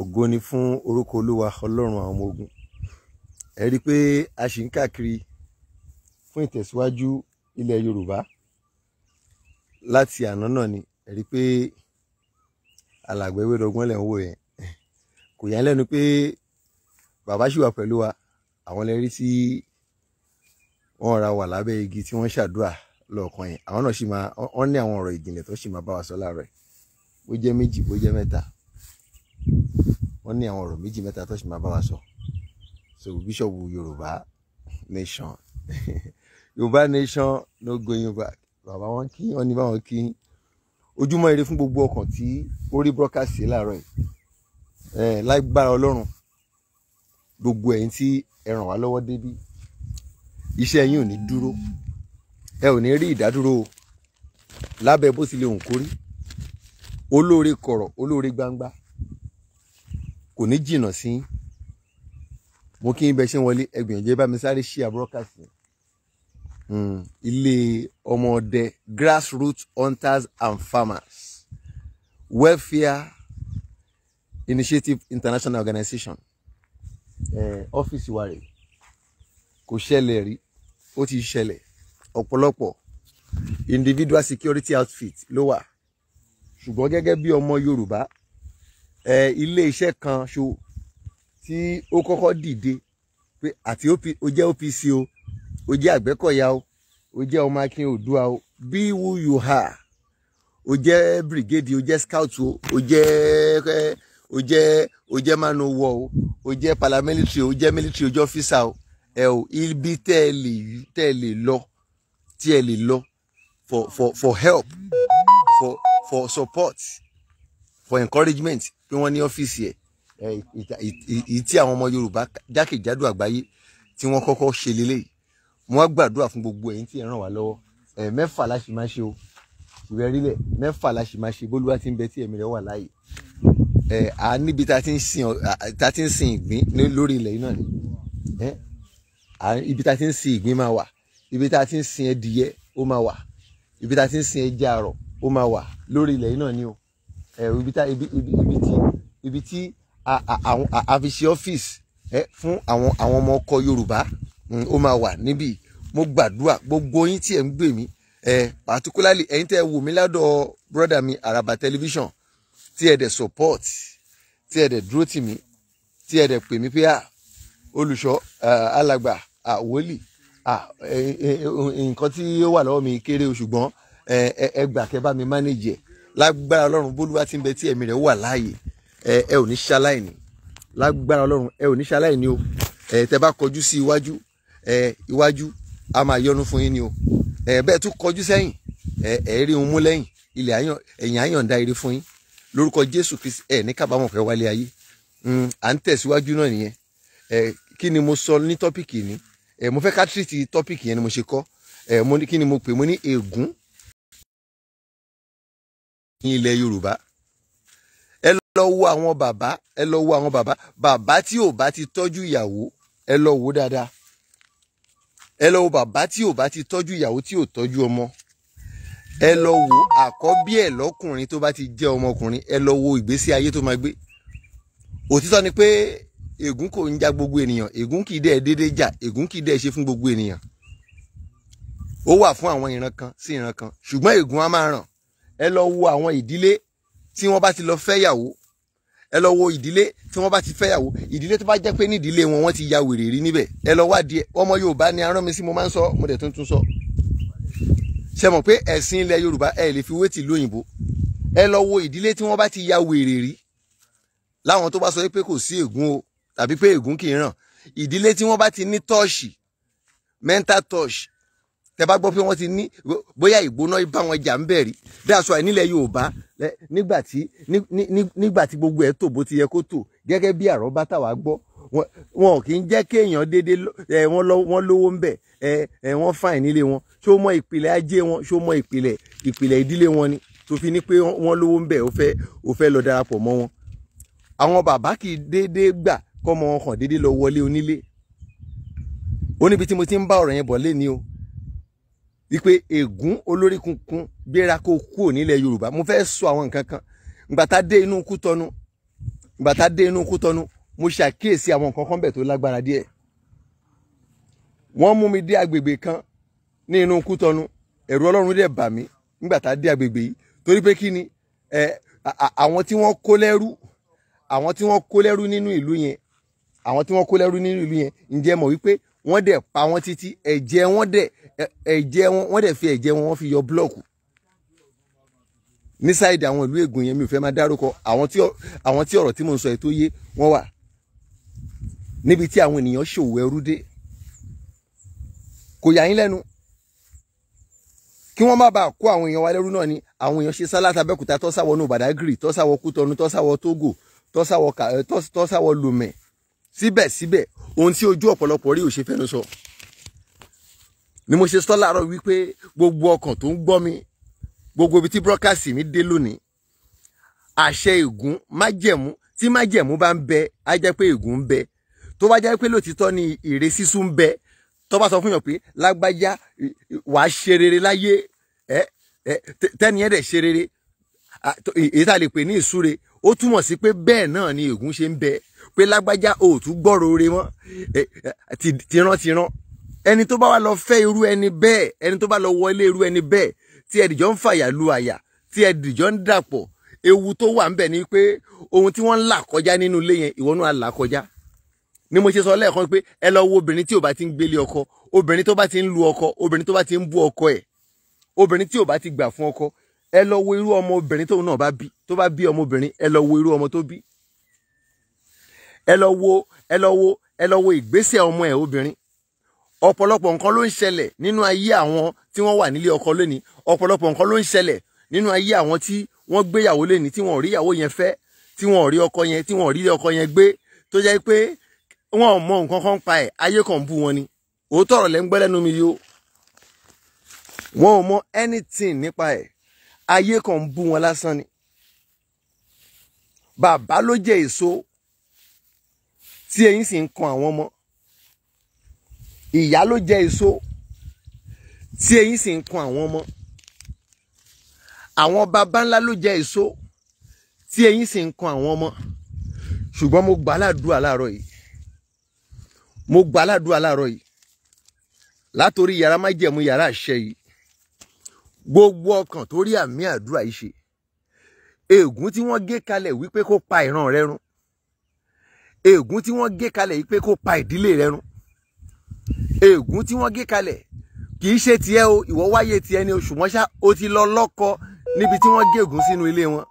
ògo ni fún orúkọ olúwa ọlọ́run àwọn ọmọ ogun ẹ rí i pé a ṣì ń káàkiri fún ìtẹ̀síwájú ilẹ̀ yorùbá láti àná náà ni ẹ rí i pé alàgbà Ewédọ̀gbọ́n lẹ̀ ń wò yẹn kò yá lẹ́nu pé bàbá ṣì wà pẹ̀lú wa àwọn lè rí tí wọ́n ra wà lábẹ́ igi tí wọ́n ṣàdúrà lọ́ọ̀kan yẹn àwọn náà ṣì máa wọ́n ní àwọn ọ̀rọ̀ ìjìnlẹ̀ tó ṣì máa bá wa sọ láàárọ̀ yìí bó jẹ́ méjì bó jẹ́ mẹ́ta wọ́n ní àwọn ọ̀rọ̀ méjì mẹ́ta tó sì máa bá wa sọ so bíṣọ̀bù yorùbá nation yorùbá nation no going back bàbá wọn kí wọn ní báwọn kí ojúmọ́ ire fún gbogbo ọkàn tí ó rí broadcast sí láàárọ̀ yìí ẹ̀ lágbára ọlọ́run gbogbo ẹ̀yin tí ẹ ràn wá lọ́wọ́ débí iṣẹ́ yín ò ní dúró ẹ ò ní rí ìdádúró lábẹ́ bó tilẹ̀ òǹkórí olóore kọ̀rọ̀ olóore gbangba kò ní jìnnà sí mo kí n bẹ ṣe ń wọlé ẹgbìyànjẹ bá mi sáré ṣí àbúrọ́kàsì hmm, ilé ọmọọdẹ grassroots hunters and farmers welfare initiative international organization ọ́fíìsì wa rèé kò ṣẹlẹ̀ rí ó ti ṣẹlẹ̀ ọ̀pọ̀lọpọ̀ individual security outfit ló wà ṣùgbọ́n gẹ́gẹ́ bí ọmọ Yorùbá ilé iṣẹ́ kan ṣo tí ó kọ́kọ́ dìde pé àti ó jẹ́ OPC o ó jẹ́ Àgbẹ̀kọ̀yà o ó jẹ́ ọmọ Akin Odua o be who you are ó jẹ́ brigade ó jẹ́ scout o ó jẹ́ ó jẹ́ ó jẹ́ man o wọ o ó jẹ́ paramilitary ó jẹ́ military ó jẹ́ officer o ẹ o ibi tẹ́ ẹ lè tẹ́ ẹ lè lọ tí ẹ lè lọ for for for help for for support for encouragement pé wọ́n ní ọ́fíìsì ẹ̀ èyí tí àwọn ọmọ Yorùbá jákèjádò àgbáyé tí wọ́n kọ́kọ́ ṣe lélẹ́yìí wọ́n gbàdúrà fún gbogbo ẹ̀yin tí ẹ ràn wá lọ́wọ́ ẹ̀ mẹ́fà láṣì máa ṣe o ìwé rílẹ̀ mẹ́fà láṣì máa ṣe bólúwa ti ń bẹ tí ẹ̀mí rẹ̀ wà láàyè ẹ̀ à níbi tá a ti ń sin ìgbín lórí ilẹ̀ yìí náà ni ibi tá ti ń sin ìgbín máa wà ibi tá ti ń sin ẹdìyẹ ó máa wà ibi tá ti ń sin ẹja àrọ̀ ó máa wà lórí ilẹ̀ yìí náà ni o ibi tí ibi tí a fi ṣe ọ́fíìsì fún àwọn ọmọ ọkọ Yorùbá mm, ó máa wà níbí mo gbàdúrà gbogbo yín tí ẹ̀ ń gbè mí particularly ẹ̀yin tẹ́ ẹ wò mí ládọ̀ brother mi araba television tí ẹ̀ dẹ̀ support tí ẹ̀ dẹ̀ dúró tì mí tí ẹ̀ dẹ̀ pè mí pé à olùṣọ́ alàgbà àwòlì nǹkan tí ó wà lọ́wọ́ mi kéré o ṣùgbọ́n ẹ gbà kẹ́ bá mi manage ẹ̀ lágbára Ọlọ́run bólúwa ti ń bẹ tí ẹ̀mí rẹ̀ wà láàyè ẹ ò ní ṣaláìní lágbára ọlọ́run ẹ ò ní ṣaláìní o ẹ tẹ bá kọjú sí iwájú ẹ iwájú a máa yọnu fún yín ni o ẹ bẹ́ẹ̀ tún kọjú sẹ́yìn ẹ ẹ rí un mú lẹ́yìn ilẹ̀ ẹ̀yìn àyànda eré fún yín lórúkọ jésù kristi ẹ ní kábàámọ̀ fẹ́ wálé ayé hmm, à ń tẹ̀síwájú náà nìyẹn ẹ kí ni mo sọ ní tọ́pìkì ni ẹ mo fẹ́ ká tírìtì tọ́pìkì yẹn ni mo ṣe kọ́ ẹ mo ní kí ni mo pè mo ní ègún ní ilẹ̀ yorùbá lọ wo àwọn bàbá ẹ lọ wo àwọn bàbá bàbá tí ò bá ti tọ́jú ìyàwó ẹ lọ wo dáadáa ẹ lọ wo bàbá tí ò bá ti tọ́jú ìyàwó tí ò tọ́jú ọmọ ẹ lọ wo àkọ́bí ẹ̀ lọ́kùnrin tó bá ti jẹ́ ọmọkùnrin ẹ lọ wo ìgbésí ayé tó máa gbé òtítọ́ ni pé ègún kò ń ja gbogbo ènìyàn ègún kì í dẹ́ déédéé jà ègún kì í dẹ́ ṣe fún gbogbo ènìyàn ó wà fún àwọn ìran kan sí ìran kan ṣùgbọ́n ègún á máa ràn ẹ lọ wo àwọn ìdílé tí wọ́n bá ti lọ fẹ́yàwó ẹ lọ wo ìdílé tí wọ́n bá ti fẹ́yàwó ìdílé tó bá jẹ́ pé nídìílé wọn wọ́n ti ya wèrè rí níbẹ̀ ẹ lọ wá díẹ̀ ọmọ Yorùbá ni arán mi sí mo máa ń sọ mo dẹ̀ tuntun sọ ṣe mọ̀ pé ẹ̀sìn ilẹ̀ Yorùbá ẹ lè fi wé tìlú òyìnbó ẹ lọ wo ìdílé tí wọ́n bá ti ya wèrè rí láwọn tó bá sọ pé kò sí ègún o tàbí pé ègún kì í ràn ìdílé tí wọ́n bá ti ní tọ́ọ̀ṣì mental tọ́ọ̀ṣì tẹ bá gbọ́ pé wọ́n ti ní bóyá ìgbóná bá wọn jà ń bẹ̀ rí dáàsọ àìnílẹ̀ yorùbá nígbà tí nígbà tí gbogbo ẹ̀ tò bó ti yẹ kó tò gẹ́gẹ́ bí àrọ́bá táwa gbọ́ wọn ò kì í jẹ́ kéèyàn dédé ẹ lówó ń bẹ̀ ẹ ẹ wọ́n fàìn wọn ṣó mọ ìpìlẹ̀ ajé wọn ṣó mọ ìpìlẹ̀ ìdílé wọn ni tó fi ní pé wọ́n lówó ń bẹ̀ ó fẹ́ ó fẹ́ lọ darapọ̀ mọ́ wọn. àwọn bàbá kì í dédé gbà kọ́mọ wọn kàn dédé lọ wọlé onílé ó níbi tí mo ti ń bá ọ̀rọ̀ yẹn bọ̀ lé ni o wípé ègún olórí kunkun gbéra kó kúrò nílẹ̀ yorùbá mo fẹ́ sọ àwọn nǹkan kan ìgbà tá dé inú kútọ́nu ìgbà tá dé inú kútọ́nu mo ṣàkíyèsí àwọn nǹkan kan bẹ̀ tó lágbára díẹ̀ wọ́n mú mi dé agbègbè kan ní inú kútọ́nu ẹ̀rù ọlọ́run dẹ̀ bà mí nígbà tá dé agbègbè yìí torí pé kí ni ẹ àwọn tí wọ́n kó lẹ́rú àwọn tí wọ́n kó lẹ́rú nínú ìlú yẹn àwọn tí wọ́n kó lẹ́rú nínú ìlú yẹn ǹjẹ́ mọ̀ wípé wọ́n dẹ̀ pa wọ́n títí ẹ̀jẹ̀ wọ́n dẹ̀ ẹ̀jẹ̀ wọn wọ́n dẹ̀ fi ẹ̀jẹ̀ wọn wọ́n fi yọ blọ́ọ̀kù ní sáìdì àwọn ìlú Ègùn yẹn mi ò fẹ́ máa dárúkọ àwọn tí ọ̀rọ̀ tí mo ń sọ yìí tó yé wọ́n wà níbi tí àwọn ènìyàn ṣòwò ẹrú dé kò yà yín lẹ́nu kí wọ́n má bàa kó àwọn èèyàn wa lẹ́rú náà ni àwọn èèyàn ṣe sálátà Abẹ́òkúta tọ́sáwọ́ nù Bàdágìrì tọ́sáwọ́ Kútọ́nù tọ́sáwọ́ Tógò tọ́sáwọ́ Lùmẹ̀ síbẹ̀síbẹ̀ ohun tí ojú ọ̀pọ̀lọpọ̀ rí ò ṣe fẹ́nu sọ ni mo ṣe sọ láàárọ̀ wípé gbogbo ọkàn tó ń gbọ́ mi gbogbo ibi tí broadcast mi dé lónìí àṣẹ ègún májẹ̀mú tí májẹ̀mú bá ń bẹ á jẹ́ pé ègún ń bẹ tó bá jẹ́ pé lóòtítọ́ ni èrè sísún ń bẹ tó bá sọ fún yàn pé lágbájá wàá ṣe rere láyé ẹ ẹ tẹ́ni ẹ̀ dẹ̀ ṣe rere èyí tá a lè pè ní ìsúre ó túmọ̀ sí pé bẹ́ẹ̀ náà ni ègún ṣe ń bẹ pé lágbájá ò tún gbọ́rọ̀ ore mọ́ tìrantìran ẹni tó bá wà lọ fẹ́ irú ẹni bẹ́ẹ̀ ẹni tó bá lọ wọlé irú ẹni bẹ́ẹ̀ tí ẹ̀dìjọ́ ń fàyà lu àyà tí ẹ̀dìjọ́ ń dàpọ̀ ewu tó wà ń bẹ̀ ni pé ohun tí wọ́n ń là kọjá nínú ilé yẹn ìwọ náà là kọjá ni mo ṣe sọ lẹ́ẹ̀kan pé ẹ lọ wo obìnrin tí ò bá ti ń gbélé ọkọ obìnrin tó bá ti ń lu ọkọ obìnrin tó bá ti ń bú ọkọ ẹ̀ obìnrin tí ò bá ti gbà fún ọkọ ẹ lọ wo irú ọmọ obìnrin tóun náà bá bí tó bá bí ọmọ obìnrin ẹ lọ wo irú ọmọ tó bí ẹ lọ wo ẹ lọ wo ẹ lọ wo ìgbésẹ̀ ọmọ ẹ̀ obìnrin ọ̀pọ̀lọpọ̀ nǹkan ló ń ṣẹlẹ̀ nínú ayé àwọn tí wọ́n wà nílé ọkọ lónìí ọ̀pọ̀lọpọ̀ nǹkan ló ń ṣẹlẹ̀ nínú ayé àwọn tí wọ́n gbéyàwó lónìí tí wọ́n rí ìyàwó yẹn fẹ́ tí wọ́n rí ọkọ yẹn tí wọ́n rí ọkọ yẹn gbé tó jẹ́ pé wọn ò mọ nǹkan kan pa ẹ̀ ayé kan bú wọn ni òótọ́ ọ̀rọ̀ lẹ́ ń gbọ́ lẹ́nu mi yó wọn ò mọ anything nípa ẹ̀ ayé kan bú wọn lásán ni bàbá ló jẹ èso tí ẹ̀yin sì ń kan àwọn ọmọ ìyá ló jẹ èso tí ẹ̀yin sì ń kan àwọn ọmọ àwọn baba ńlá ló jẹ èso tí ẹ̀yin sì ń kan àwọn ọmọ ṣùgbọ́n mo gbà ládùúrà láàárọ̀ yìí mo gbà ládùúrà láàárọ̀ yìí látòrí yàrá májẹ̀mú yàrá àṣẹ yìí gbogbo ọkàn tó rí àmì àdúrà yìí ṣe ègún tí wọ́n gé kalẹ̀ wípé kó pa ìran rẹ run ègún tí wọ́n gé kalẹ̀ yìí pé kó pa ìdílé rẹ run ègún tí wọ́n gé kalẹ̀ kì í ṣe tiẹ̀ o ìwọ wáyé tiẹ̀ ni oṣù mọ́ṣá o ti lọ lọ́kọ níbi tí wọ́n gé ègún sínú ilé wọn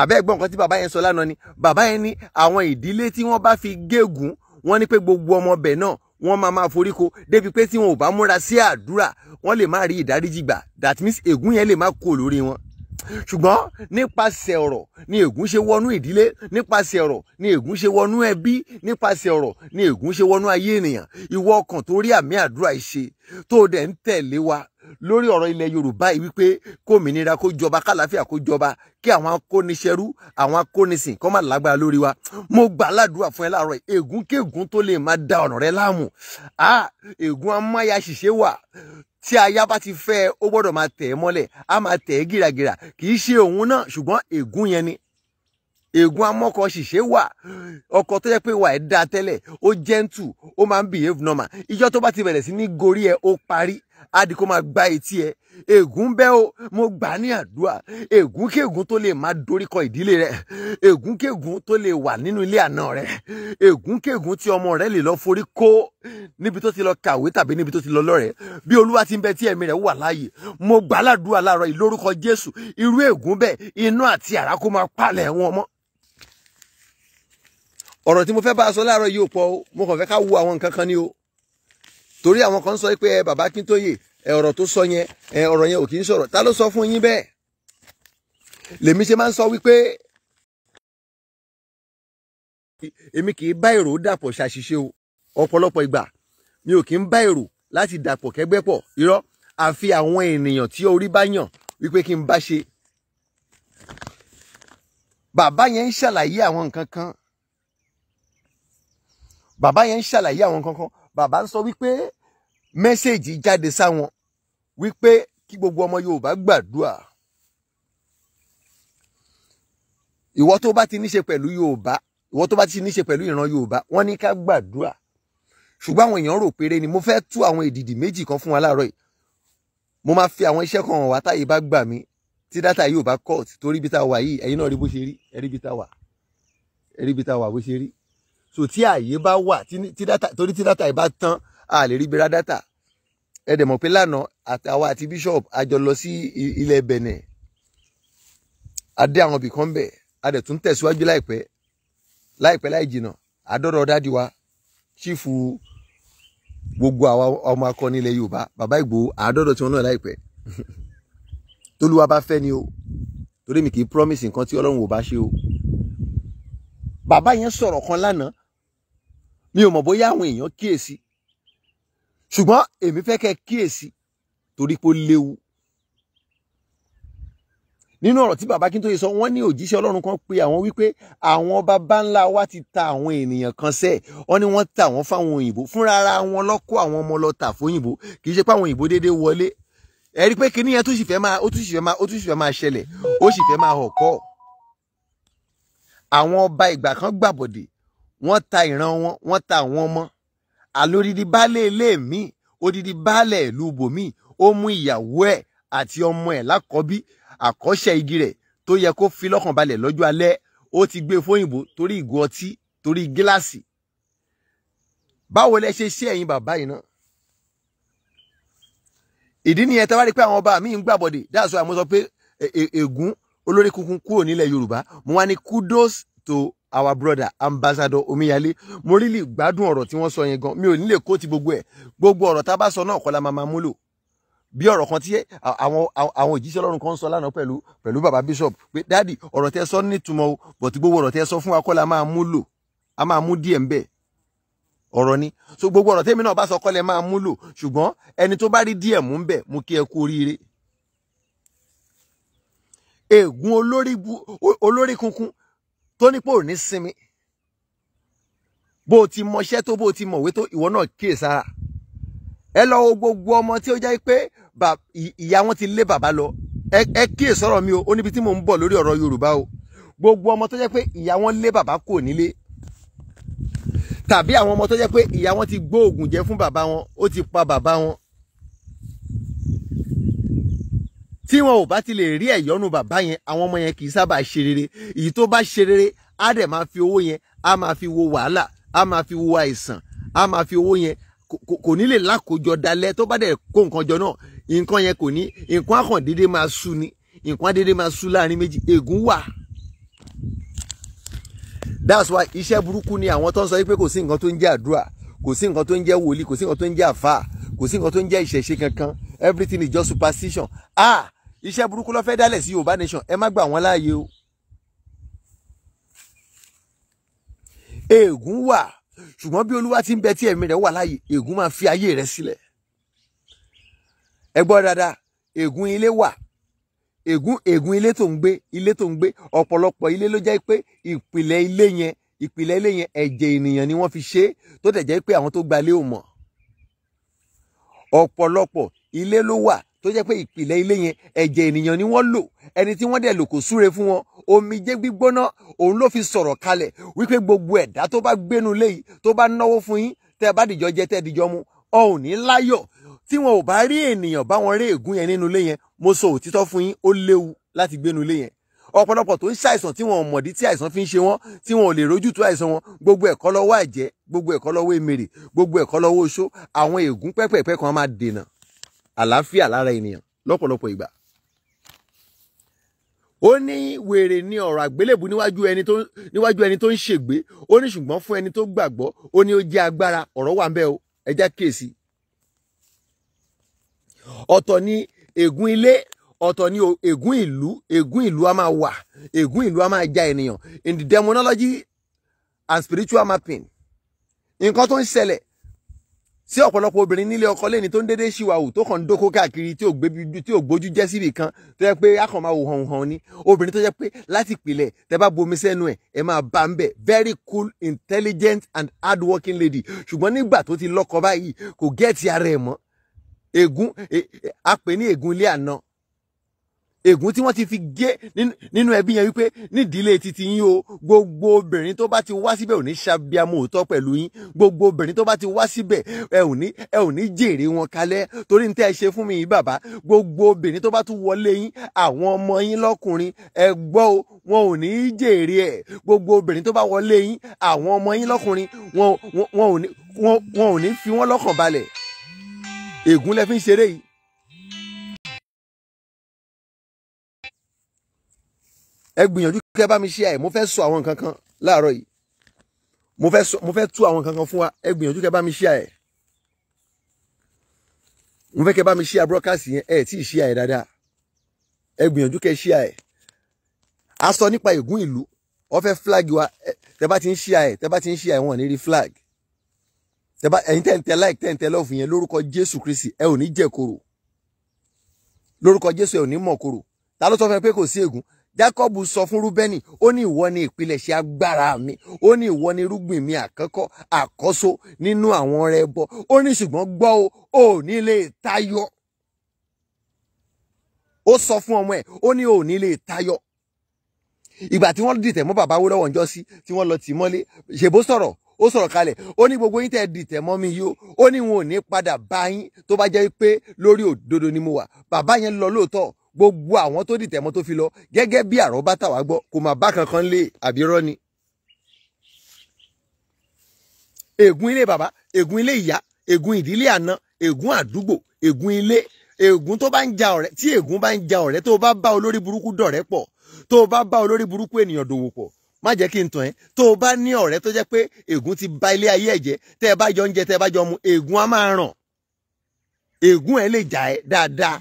àbẹ́ ẹ̀gbọ́n nǹkan tí bàbá yẹn sọ lánàá ni bàbá yẹn ní àwọn ìdílé tí wọ́n bá fi gégùn wọ́n ní pé gbogbo ọmọ ọbẹ̀ náà wọ́n máa máa foríko débi pé tí wọn ò bá múra sí àdúrà wọ́n lè má rí ìdáríjì gbà that means ègún yẹn lè má kó lórí wọn ṣùgbọ́n nípasẹ̀ ọ̀rọ̀ ni ègún ṣe wọnú ìdílé nípasẹ̀ ọ̀rọ̀ ni ègún ṣe wọnú ẹbí nípasẹ̀ ọ̀rọ̀ ni ègún ṣe wọnú ayé ènìyàn ìwọ ọkàn tó rí àmì àdúrà ìṣe tó dẹ̀ ń tẹ̀lé wa lórí ọ̀rọ̀ ilẹ̀ yorùbá yìí wípé kòmìnira kó jọba kálàáfíà kó jọba kí àwọn akóniṣẹ́rú àwọn akónisìn kó má lágbára lórí wa mo gbà ládùúrà fún ẹ láàárọ̀ ègún kégún tó lè má da ọ̀nà rẹ láàmú ah ègún amáyàṣìṣe wà tí aya bá ti fẹ́ ẹ ó gbọ́dọ̀ máa tẹ̀ ẹ́ mọ́lẹ̀ á máa tẹ̀ ẹ́ gìràgìrà kì í ṣe òun náà ṣùgbọ́n ègún yẹn ni ègún amọ́kọ ṣìṣe wà ọkọ tó yẹ pé wà ẹ́ dáa tẹ́lẹ̀ ó gentle ó máa ń behave normal ìjọ́ tó bá ti bẹ̀rẹ̀ sí ní gorí ẹ ó parí adi kó máa gba etí ẹ ègún bẹ́ o mo gbà ní àdúrà ègún kéègún tó lè máa doríkọ ìdílé rẹ ègún kéègún tó lè wà nínú ilé àna rẹ ègún kéègún tí ọmọ rẹ lè lọ forí kó níbi tó ti lọ kàwé tàbí níbi tó ti lọ lọ́rẹ̀ bí olúwa ti ń bẹ tí ẹ̀mí rẹ wà mo gbà ládùúrà láàárọ̀ yìí lórúkọ jésù irú ègún bẹ́ẹ̀ iná àti àrá kó máa palẹ̀ wọn mọ́ ọ̀rọ̀ mo fẹ́ bá a sọ láàárọ̀ yìí ò o mo kàn fẹ́ ká wo àwọn nǹkan ni o torí àwọn kan sọ pé ẹ bàbá Akíntóyè ẹ ọ̀rọ̀ tó sọ yẹn ẹ ọ̀rọ̀ yẹn ò kì í sọ̀rọ̀ ta ló sọ fún yín bẹ́ẹ̀ lèmi ṣe máa ń sọ wípé èmi kì í bá èrò dàpọ̀ ṣàṣìṣe o ọ̀pọ̀lọpọ̀ ìgbà mi ò kì í bá èrò láti dàpọ̀ kẹ́gbẹ́ pọ̀ irọ́ àfi àwọn ènìyàn tí orí bá yàn wípé kí n bá ṣe bàbá yẹn ń ṣàlàyé àwọn nǹkan kan bàbá yẹn ń ṣàlàyé àwọn nǹkan kan bàbá ń sọ wípé mẹ́sẹ̀gì jáde sáwọn wípé kí gbogbo ọmọ Yorùbá gbàdúrà ìwọ tó bá ti níṣe pẹ̀lú Yorùbá ìwọ tó bá ti níṣe pẹ̀lú ìran Yorùbá wọ́n ní ká gbàdúrà ṣùgbọ́n àwọn èèyàn rò péré ni mo fẹ́ tú àwọn èdìdì méjì kan fún wa láàárọ̀ yìí mo máa fi àwọn iṣẹ́ kan hàn wá táyé bá gbà mí tí dátà Yorùbá court torí bí tá a wà yìí ẹ̀yin náà rí bó ṣe rí ẹ̀rí bí tá wà ẹ̀rí bí tá wà bó ṣe rí so tí ààyè bá wà tí dátà torí tí dátà yìí bá tán a lè rí bíra dátà ẹ dẹ̀ mọ̀ pé lánàá àtàwa àti bishop a jọ lọ sí ilẹ̀ Benin a dé àwọn ibìkan bẹ̀ a tún tẹ̀síwájú láìpẹ́ láìpẹ́ láì jìnà àdọ́rọ̀ dádì wa chiefu gbogbo àwa ọmọ akọni ilẹ̀ Yorùbá bàbá Ìgbòho àádọ́dọ̀ tí wọn náà láìpẹ́ tólúwa bá fẹ́ ni o torí mi kì í promise nǹkan tí Ọlọ́run ò bá ṣe o bàbá yẹn sọ̀rọ̀ kan lánàá mi ò mọ̀ bóyá àwọn èèyàn kíyèsí ṣùgbọ́n èmi fẹ́ kẹ́ kíyèsí torí pé ó léwu nínú ọ̀rọ̀ tí bàbá Akíntóyè sọ wọ́n ní òjíṣẹ́ Ọlọ́run kan pé àwọn wípé àwọn bàbá ńlá wa ti ta àwọn ènìyàn kan sẹ́ wọ́n ní wọ́n ta wọ́n fáwọn òyìnbó fúnra wọn ló kó àwọn ọmọ lọ tà fóyìnbó kì í ṣe pé àwọn òyìnbó déédéé wọlé ẹ rí i pé kinní yẹn tó sì fẹ́ máa ó tún sì fẹ́ máa ó tún sì fẹ́ máa ṣẹlẹ̀ ó sì fẹ́ máa hàn kọ́ àwọn ọba ìgbà kan gbàbọ̀dè wọ́n ta ìran wọn wọ́n ta àwọn ọmọ àlódìdí baálé ilé mi odidi baálẹ̀ ìlú bòmí ó mú ìyàwó ẹ̀ àti ọmọ ẹ̀ lákọ̀ọ́bí àkọ́ṣẹ́ igi rẹ̀ tó yẹ kó fi lọ́kàn balẹ̀ lọ́jọ́ alẹ́ ó ti gbé e fóyìnbó torí ìgò ọtí torí gíláàsì báwo lẹ ṣe ṣe ẹ̀yin bàbá yìí náà ìdí nìyẹn tá a bá rí i pé àwọn ọba mi ń gbàbọ̀dè dáàsọ àmọ́ sọ pé e-, e-, ègún olórí kunkun kúrò nílẹ̀ Yorùbá mo wá ní kudos to our brother ambassador omiyale mo rí lè gbádùn ọ̀rọ̀ tí wọ́n sọ yẹn gan mi ò ní lè kó ti gbogbo ẹ̀ gbogbo ọ̀rọ̀ tá a bá sọ náà kọ́lá máa máa múlò bí ọ̀rọ̀ kan tí àwọn àwọn òjíṣẹ́ ọlọ́run kan sọ lánàá pẹ̀lú pẹ̀lú baba bishop pé dáàdì ọ̀rọ̀ tẹ sọ nítumọ̀ o bọ̀tí gbogbo ọ̀rọ̀ tẹ sọ fún wa kọ́lá máa múlò a máa mú díẹ̀ ń bẹ̀ ni so gbogbo ọ̀rọ̀ tẹ́mi náà bá sọ kọ́lẹ̀ máa múlò ṣùgbọ́n ẹni tó bá rí díẹ̀ mú ń bẹ̀ mú kí ẹ kú oríire ègún olórí kunkun tó ní pò ní sinmi bó ti mọṣẹ́ tó bó ti mọ̀wé tó ìwọ náà kíyè sára ẹ lọ wo gbogbo ọmọ tí ó jẹ́ pé ìyá wọn ti lé bàbá lọ ẹ kíyè sọ̀rọ̀ mi o ó níbi tí mò ń bọ̀ lórí ọ̀rọ̀ Yorùbá o gbogbo ọmọ tó jẹ́ pé ìyá wọn lé bàbá kò nílé tàbí àwọn ọmọ tó jẹ́ pé ìyá wọn ti gbó oògùn jẹ fún bàbá wọn ó ti pa bàbá wọn tí wọn ò bá ti lè rí ẹ̀yọ́nú bàbá yẹn àwọn ọmọ yẹn kì í sábà ṣe rere èyí tó bá ṣe rere á dẹ̀ máa fi owó yẹn á máa fi wo wàhálà á máa fi wo àìsàn á máa fi owó yẹn kò ní lè lákòjọ dalẹ̀ tó bá dẹ̀ kó nǹkan jọ náà nǹkan yẹn kò ní nǹkan àkàndédé máa sú ni nǹkan àdédé máa sú láàrin méjì ègún wà that's why iṣẹ́ burúkú ni àwọn tó ń sọ pé kò sí nǹkan tó ń jẹ́ àdúrà kò sí nǹkan tó ń jẹ́ wòlíì kò sí nǹkan tó ń jẹ́ àfà kò sí nǹkan tó ń jẹ́ ìṣẹ̀ṣe kankan everything is just superstition ah iṣẹ́ burúkú ló fẹ́ dálẹ̀ sí Yorùbá nation ẹ má gbà wọ́n láàyè o. ègún wà ṣùgbọ́n bí olúwa ti ń bẹ tí ẹ̀mí rẹ̀ wà láàyè ègún máa fi ayé rẹ̀ sílẹ̀. ẹ gbọ́ dáadáa ègún ilé wà ègún ègún ilé tó ń gbé ilé tó ń gbé ọ̀pọ̀lọpọ̀ ilé ló jẹ́ pé ìpìlẹ̀ ilé yẹn ìpìlẹ̀ ilé yẹn ẹ̀jẹ̀ ènìyàn ni wọ́n fi ṣe é tó dẹ̀ jẹ́ pé àwọn tó gbalé ò mọ̀ ọ̀pọ̀lọpọ̀ ilé ló wà tó jẹ́ pé ìpìlẹ̀ ilé yẹn ẹ̀jẹ̀ ènìyàn ni wọ́n lò ẹni tí wọ́n dẹ̀ lò kò súre fún wọn omijé gbígbóná òun ló fi sọ̀rọ̀ kalẹ̀ wípé gbogbo ẹ̀dá tó bá gbénu léyìí tó bá náwó fún yín tẹ́ bá dìjọ jẹ tẹ́ dìjọ mu ọ ò ní láyọ̀ tí wọn ò bá rí ènìyàn bá wọn rí ègún yẹn nínú ilé yẹn mo sọ òtítọ́ fún yín ó léwu láti gbénu ilé yẹn ọ̀pọ̀lọpọ̀ tó ń ṣàìsàn tí wọn ò mọ̀dí tí àìsàn fi ń ṣe wọ́n tí wọn ò lè rójútu àìsàn wọn gbogbo ẹ̀kọ́ lọ́wọ́ àjẹ́ gbogbo ẹ̀kọ́ lọ́wọ́ èmèrè gbogbo ẹ̀kọ́ lọ́wọ́ oṣó àwọn ègún pẹ́pẹ̀pẹ́ kan máa dènà àlàáfíà lára ènìyàn lọ́pọ̀lọpọ̀ ìgbà ó ní wèrè ní ọ̀rọ̀ àgbélébù níwájú ẹni tó níwájú ẹni tó ń ṣègbé ó ní ṣùgbọ́n fún ẹni tó gbàgbọ́ ó ní ó jẹ́ agbára ọ̀rọ̀ wà ń bẹ o ẹ kíyèsí ọ̀tọ̀ ni ègún ilé ọ̀tọ̀ ni ègún ìlú ègún ìlú a máa wà ègún ìlú a máa ja ènìyàn in the demonology and spiritual mapping nǹkan tó ń ṣẹlẹ̀ sí ọ̀pọ̀lọpọ̀ obìnrin nílé ọkọ lẹ́ni tó ń dédé ṣìwàhù tó kàn ń dóko káàkiri tí ò gbójú jẹ́ síbì kan tó yẹ pé a kàn máa wò hàn hàn ni obìnrin tó yẹ pé láti pìlẹ̀ tẹ bá bomi sẹ́nu ẹ̀ ẹ máa bá ń bẹ̀ very cool intelligent and hardworking lady ṣùgbọ́n nígbà tó ti lọ́kọ báyìí kò gẹ́ẹ̀tì ara ẹ̀ mọ́ ègún e, e, a pè ní ègún ilé àná ègún tí wọ́n ti fi gé nínú ẹbí yẹn wípé nídìílé titi yín o gbogbo obìnrin tó bá ti wá síbẹ̀ ò ní ṣàbíamọ òótọ́ pẹ̀lú yín gbogbo obìnrin tó bá ti wá síbẹ̀ ẹ ò ní ẹ ò ní jèrè wọn kalẹ̀ torí ní tẹ́ ẹ ṣe fún mi yìí bàbá gbogbo obìnrin tó bá tún wọlé yín àwọn ọmọ yín lọ́kùnrin ẹ gbọ́ o wọn ò ní jèrè ẹ̀ gbogbo obìnrin tó bá wọlé yín àwọn ọmọ yín lọ́kùnrin wọn ò ní fi wọ́n lọ́kàn balẹ̀ ègún lẹ fi ń ṣeré yìí ẹ gbìyànjú kẹ́ bá mi ṣe àì mo fẹ́ sọ àwọn nǹkan kan láàárọ̀ yìí mo fẹ́ sọ mo fẹ́ tú àwọn nǹkan kan fún wa ẹ gbìyànjú kẹ́ bá mi ṣe àì mo fẹ́ kẹ́ bá mi ṣe àbúrọ́kàsì yẹn ẹ tí ì ṣe àì dáadáa ẹ gbìyànjú kẹ́ ṣe àì a sọ nípa ègún ìlú wọ́n fẹ́ flag wa tẹ́ bá ti ń ṣe àì tẹ́ bá ti ń ṣe àì wọn ní rí flag tẹ́ bá ẹ̀yin tẹ́ ń tẹ like tẹ́ ń tẹ love yẹn lórúkọ Jésù Kristi ẹ ò ní jẹ koro lórúkọ Jésù ẹ ò ní mọ koro ta ló sọ fún ẹ pé kò sí ègún Jacob sọ fún rubeni ó ní ìwọ ni ìpilẹ̀ṣẹ̀ agbára mi ó ní ìwọ ni irúgbìn mi àkọ́kọ́ àkọ́so nínú àwọn ọrẹ ẹbọ ó ní ṣùgbọ́n gbọ́ o ò ní lè tayọ ó sọ fún ọmọ ẹ̀ ó ní ò ní lè tayọ ìgbà tí wọ́n dìtẹ̀ mọ́ bàbá Awólọ́wọ̀ ńjọ́ sí tí wọ́n lọ tì mọ́lé ṣèbó sọ̀rọ̀ ó sọ̀rọ̀ kalẹ̀ ó ní gbogbo yín tẹ́ dìtẹ̀ mọ́ mi yó ó ní wọn ò ní padà bá yín tó bá jẹ́ pé lórí òdodo ni mo wà bàbá yẹn lọ lóòótọ́ gbogbo àwọn tó dìtẹ̀ mọ́ tó fi lọ gẹ́gẹ́ bí àrọ́ bá tàwa gbọ́ kò máa bá kankan lé àbírọ́ ni. ègún ilé bàbá ègún ilé ìyá ègún ìdílé àná ègún àdúgbò ègún ilé ègún tó bá ń ja ọ̀rẹ́ tí ègún bá ń ja ọ̀rẹ́ tó bá bá olórí burúkú dọ̀rẹ́ pọ̀ tó bá bá olórí burúkú ènìyàn dòwò pọ̀ má jẹ́ kí n tàn ẹ́ tó o bá ní ọ̀rẹ́ tó jẹ́ pé ègún ti ba ilé ayé ẹ̀jẹ̀ tẹ́ ẹ bá jọ ń jẹ tẹ́ ẹ bá jọ mu ègún á máa ràn ègún ẹ lè jà ẹ́ dáadáa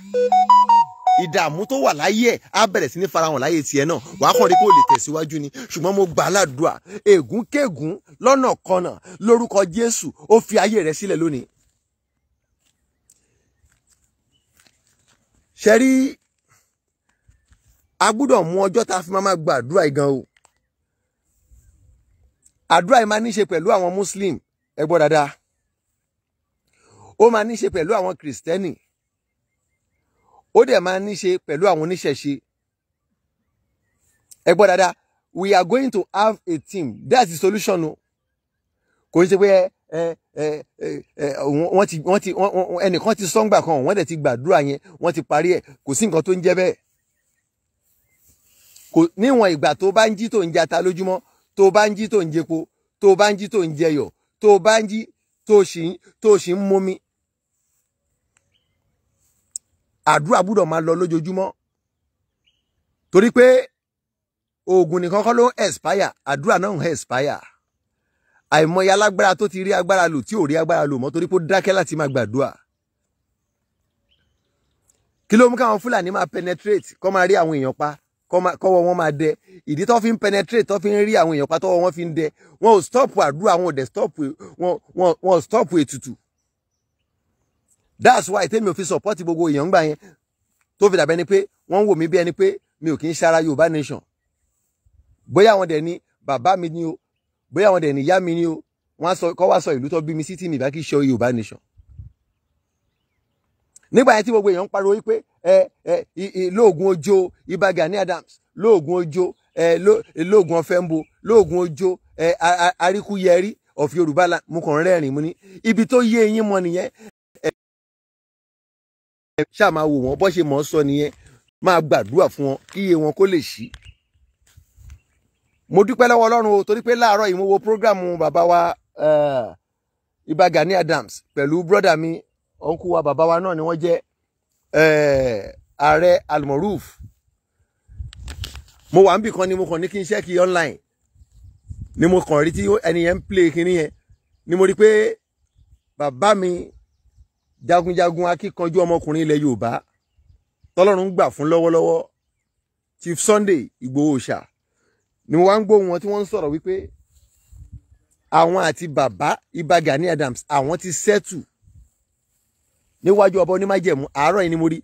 ìdààmú tó wà láyé ẹ̀ á bẹ̀rẹ̀ sí ní farahàn láyé tiẹ̀ náà wà á kàn rí kó lè tẹ̀síwájú ni ṣùgbọ́n mo gbà ládùúà ègúnkègún lọ́nà kọnà lórúkọ Jésù ó fi ayé rẹ̀ sílẹ̀ lónìí. ṣe rí a gbúdọ̀ mú ọjọ́ tá a fi máa gbàdúrà igan o àdúrà yìí máa ní ṣe pẹ̀lú àwọn muslim ẹ dáadáa ó máa ní ṣe pẹ̀lú àwọn kristẹni ó dẹ̀ máa ní ṣe pẹ̀lú àwọn oníṣẹ̀ṣe ẹ gbọ́ dáadáa we are going to have a team that's the solution o kò ń ṣe pé ẹ ẹ ẹ wọ́n ti wọ́n ti ẹnìkan ti sọ́ngbà kan wọ́n dẹ̀ ti gbàdúrà yẹn wọ́n ti parí ẹ̀ kò sí nǹkan tó ń jẹ́ bẹ́ẹ̀ kò níwọ̀n ìgbà tó bá ń jí tó ń jẹ ata lójúmọ́ tó bá ń jí tó ń jẹpo tó bá ń jí tó ń jẹyọ̀ tó bá ń jí tó sì ń momi àdúrà gbúdọ̀ máa lọ lójoojúmọ́ torí pé oògùn nìkan kọ́ ló ń expire àdúrà náà ń expire àìmọye alágbára tó ti rí agbára lò tí ò rí agbára lò mọ́ torí pé ó dákẹ́ láti máa gbàdúrà kí ló mú káwọn fúlàní máa penetrate kó máa rí àwọn èèyàn pa kọ́wọ́ wọn máa dẹ ìdí tó fi ń penetrate tó fi ń rí àwọn èèyàn pa tọ́wọ́ wọn fi ń dẹ wọn ò stop àdúrà wọn ò dẹ̀ stop wọn ò stop ètùtù that's why tèmi ò fi support gbogbo èèyàn gbà yẹn tó fi dàbẹ́ ni pé wọ́n ń wò mí bí ẹni pé mi ò kì í ṣara Yorùbá nation bóyá wọn dẹ̀ ni bàbá mi ni o bóyá wọn dẹ̀ ni ìyá mi ni o wọ́n sọ kọ́ wá sọ ìlú tó bí mi sí tí mi bá kì í ṣe Yorùbá nation nígbà yẹn tí gbogbo èèyàn ń pariwo wípé ẹ ẹ lóògùn ojo Ìbà Adams lóògùn ojo ẹ lóògùn ọfẹmbo lóògùn ojo ẹ aríkúyẹrí of Yorùbá la mo kàn rẹ́rìn mo ní ibi tó yé eyín mọ nìyẹn ṣáà máa wò wọ́n bó ṣe mọ̀ ọ́ sọ nìyẹn máa gbàdúrà fún wọn kí iye wọn kó lè ṣí. mo dúpẹ́ lọ́wọ́ ọlọ́run o torí pé láàárọ̀ yìí mo wo prógrámù bàbá wa Ìbà eh, Adams pẹ̀lú brọ́dà mi ọ̀nkú wa bàbá wa náà ni wọ́n jẹ́ eh, ààrẹ Almoruf mo wà ń bì kan ni mo kàn ní kí n ṣẹ́kì online ni mo kàn rí tí ẹni yẹn ń play kinní yẹn ni mo rí pé bàbá mi jagunjagun akíkanjú ọmọkùnrin ilẹ̀ Yorùbá tọ́lọ́run gbà fún lọ́wọ́lọ́wọ́ Chief Sunday Ìgbòho Òòṣà ni mo wá ń gbóhùn wọn tí wọ́n ń sọ̀rọ̀ wípé àwọn àti bàbá Ìbà Gani Adams àwọn ti sẹ́tù níwájú ọba onímájẹ̀mú àárọ̀ yìí ni mo rí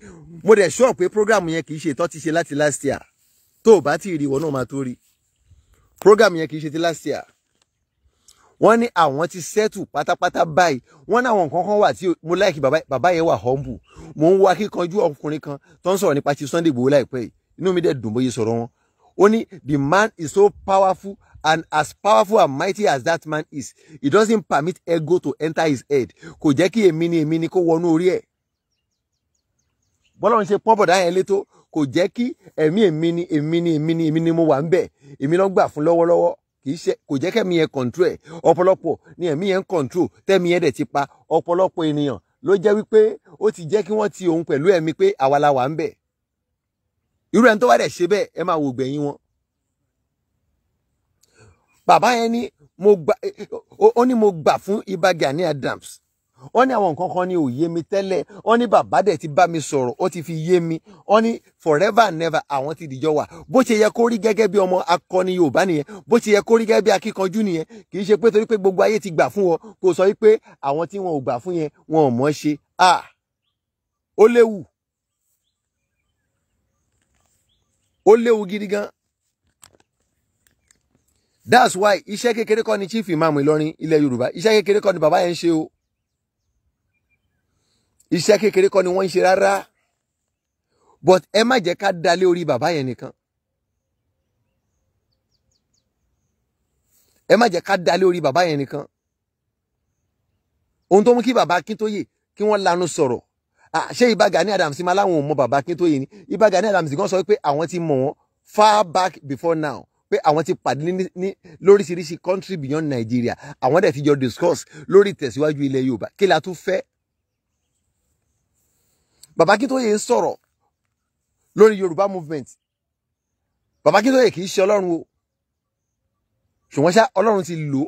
mo dẹ̀ sọ pé program yẹn kì í ṣe ìtọ́ ti ṣe láti last year tó o bá ti rí ìwọ náà máa tó rí program yẹn kì í ṣe ti last year wọ́n ní àwọn ti settle pátápátá báyìí wọ́n náwọn nǹkan kan wà tí mo láìkí bàbá yẹn wà humble mo ń wá kíkanjú ọkùnrin kan tó ń sọ̀rọ̀ nípa ti Sunday Igboho láìpẹ́ yìí inú mi dẹ̀ dùn bóyá sọ̀rọ̀ wọn ó ní the man is so powerful and as powerful and mighty as that man is he doesn't permit ego to enter his head kò jẹ́ kí èmi ni èmi ni kó wọnú orí ẹ̀ bọ́lá ń ṣe pọ́nbọ̀dá yẹn létó kò jẹ́ kí ẹ̀mí èmi ni èmi ni èmi ni mo wà ń bẹ̀ èmi ló ń gbà fún lọ́wọ́lọ́wọ́ kì í ṣe kò jẹ́ kẹ́mi yẹn control ẹ̀ ọ̀pọ̀lọpọ̀ ni ẹ̀mí yẹn control tẹ́mi yẹn dẹ̀ ti pa ọ̀pọ̀lọpọ̀ ènìyàn ló jẹ́ wípé ó ti jẹ́ kí wọ́n ti òun pẹ̀lú ẹ̀mí pé àwa la wà ń bẹ̀ irú ẹni tó wá dẹ̀ ṣe bẹ́ẹ̀ ẹ máa wò gbẹ̀yìn wọn. bàbá yẹn ni mo gbà ó ní mo gbà fún Ìbà Gani Adams ó ní àwọn nǹkan kan ní ò yé mi tẹ́lẹ̀ ó ní bàbá dẹ̀ ti bá mi sọ̀rọ̀ ó ti fi yé mi ó ní forever and never àwọn ti dìjọ wà bó ṣe yẹ kó rí gẹ́gẹ́ bí ọmọ akọni yorùbá nìyẹn bó ṣe yẹ kó rí gẹ́gẹ́ bí akíkanjú nìyẹn kì í ṣe pé torí pé gbogbo ayé ti gbà fún ọ kò sọ wípé àwọn tí wọn ò gbà fún yẹn wọn ò mọ̀ ṣe ó léwu ó léwu gidi gan that's why iṣẹ́ kékeré kọ́ ni chief imam Ìlọrin ilẹ̀ yorùbá iṣẹ́ kékeré kọ́ ni bàbá yẹn ń ṣe o iṣẹ́ kékeré kọ́ ni wọ́n ń ṣe rárá but ẹ má jẹ́ ká dalé orí bàbá yẹn nìkan ẹ má jẹ́ ká dalé orí bàbá yẹn nìkan ohun tó mú kí bàbá Akíntóyè kí wọ́n lanu sọ̀rọ̀ ṣé Ìbà Gani Adams máa láwọn ò mọ bàbá Akíntóyè ni Ìbà Gani Adams gan sọ pé àwọn ti mọ̀ wọ́n far back before now pé àwọn ti pàdé ní lóríṣiríṣi country beyond Nigeria àwọn dẹ̀ ti jọ discuss lórí ìtẹ̀síwájú ilẹ̀ Yorùbá kí la tún fẹ́ bàbá Akíntóyè ń sọ̀rọ̀ lórí Yorùbá movement bàbá Akíntóyè kì í ṣe Ọlọ́run o ṣùgbọ́n ṣá Ọlọ́run ti lò ó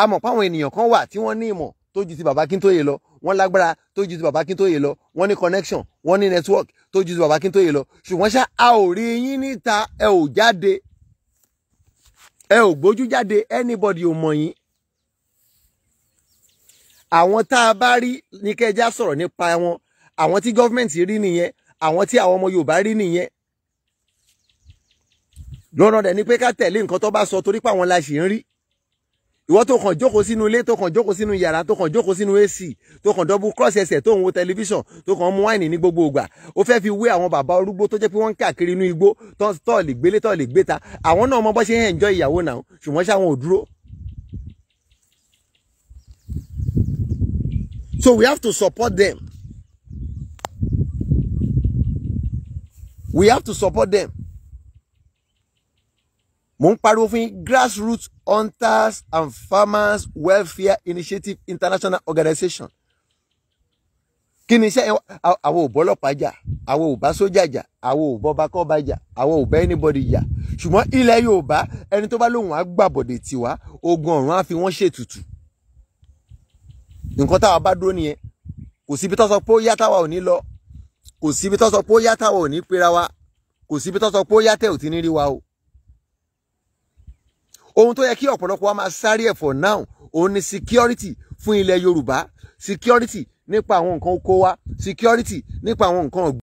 a mọ̀ páwọn ènìyàn kan wà tí wọ́n ní ìmọ̀ tó ju ti bàbá lọ wọ́n lágbára tó ju ti bàbá lọ wọ́n ní connection wọ́n ní network tó ju ti bàbá Akíntóyè lọ ṣùgbọ́n ṣá a ò rí yín níta ẹ ò jáde ẹ ò gbójú jáde anybody ò mọ̀ yín àwọn tá a bá rí ní kẹjá sọ̀rọ̀ nípa wọn àwọn tí gọ́fìmẹ̀ntì rí nìyẹn àwọn tí àwọn ọmọ Yorùbá rí nìyẹn lọ́rọ̀ dẹ̀ ni pé ká tẹ̀lé nǹkan tó bá sọ torí pé àwọn la ṣì ń rí ìwọ tó kàn jókòó sínú ilé tó kàn jókòó sínú yàrá tó kàn jókòó sínú AC tó kàn dọ́bù cross ẹsẹ̀ tó ń wo tẹlifíṣàn tó kàn mú wáìnì ní gbogbo ìgbà ó fẹ́ fi wé àwọn bàbá arúgbó tó jẹ́ pé wọ́n ń káàkiri inú igbó tó lè gbélé tó lè gbéta àwọn náà mọ bó ṣe ń enjoy ìyàwó náà ṣùgbọ́n ṣáwọn ò dúró. So we have to support them. we have to support them mo ń pariwo fún grassroots hunters and farmers welfare initiative international organization kí ni iṣẹ́ yẹn àwọn ò bọ́lọ́pàá jà àwọn ò bá sójà jà àwọn ò bọ́ba kọ́ba jà àwọn ò bá anybody jà ṣùgbọ́n ilẹ̀ Yorùbá ẹni tó bá lóun á gbàbọ̀dẹ̀ tiwa ogun ọ̀run á fi wọ́n ṣètùtù nǹkan táwa bá dúró nìyẹn kò síbi tó sọ pé ó yá táwa ò ní lọ kò síbi tó sọ pé ó yá táwọn ò ní pera wa kò síbi tó sọ pé ò ti ní rí wa o ohun tó yẹ kí ọ̀pọ̀lọpọ̀ wa máa sáré ẹ̀ for now òun ni security fún ilẹ̀ Yorùbá security nípa àwọn nǹkan oko wa security nípa àwọn nǹkan ọ̀gbìn.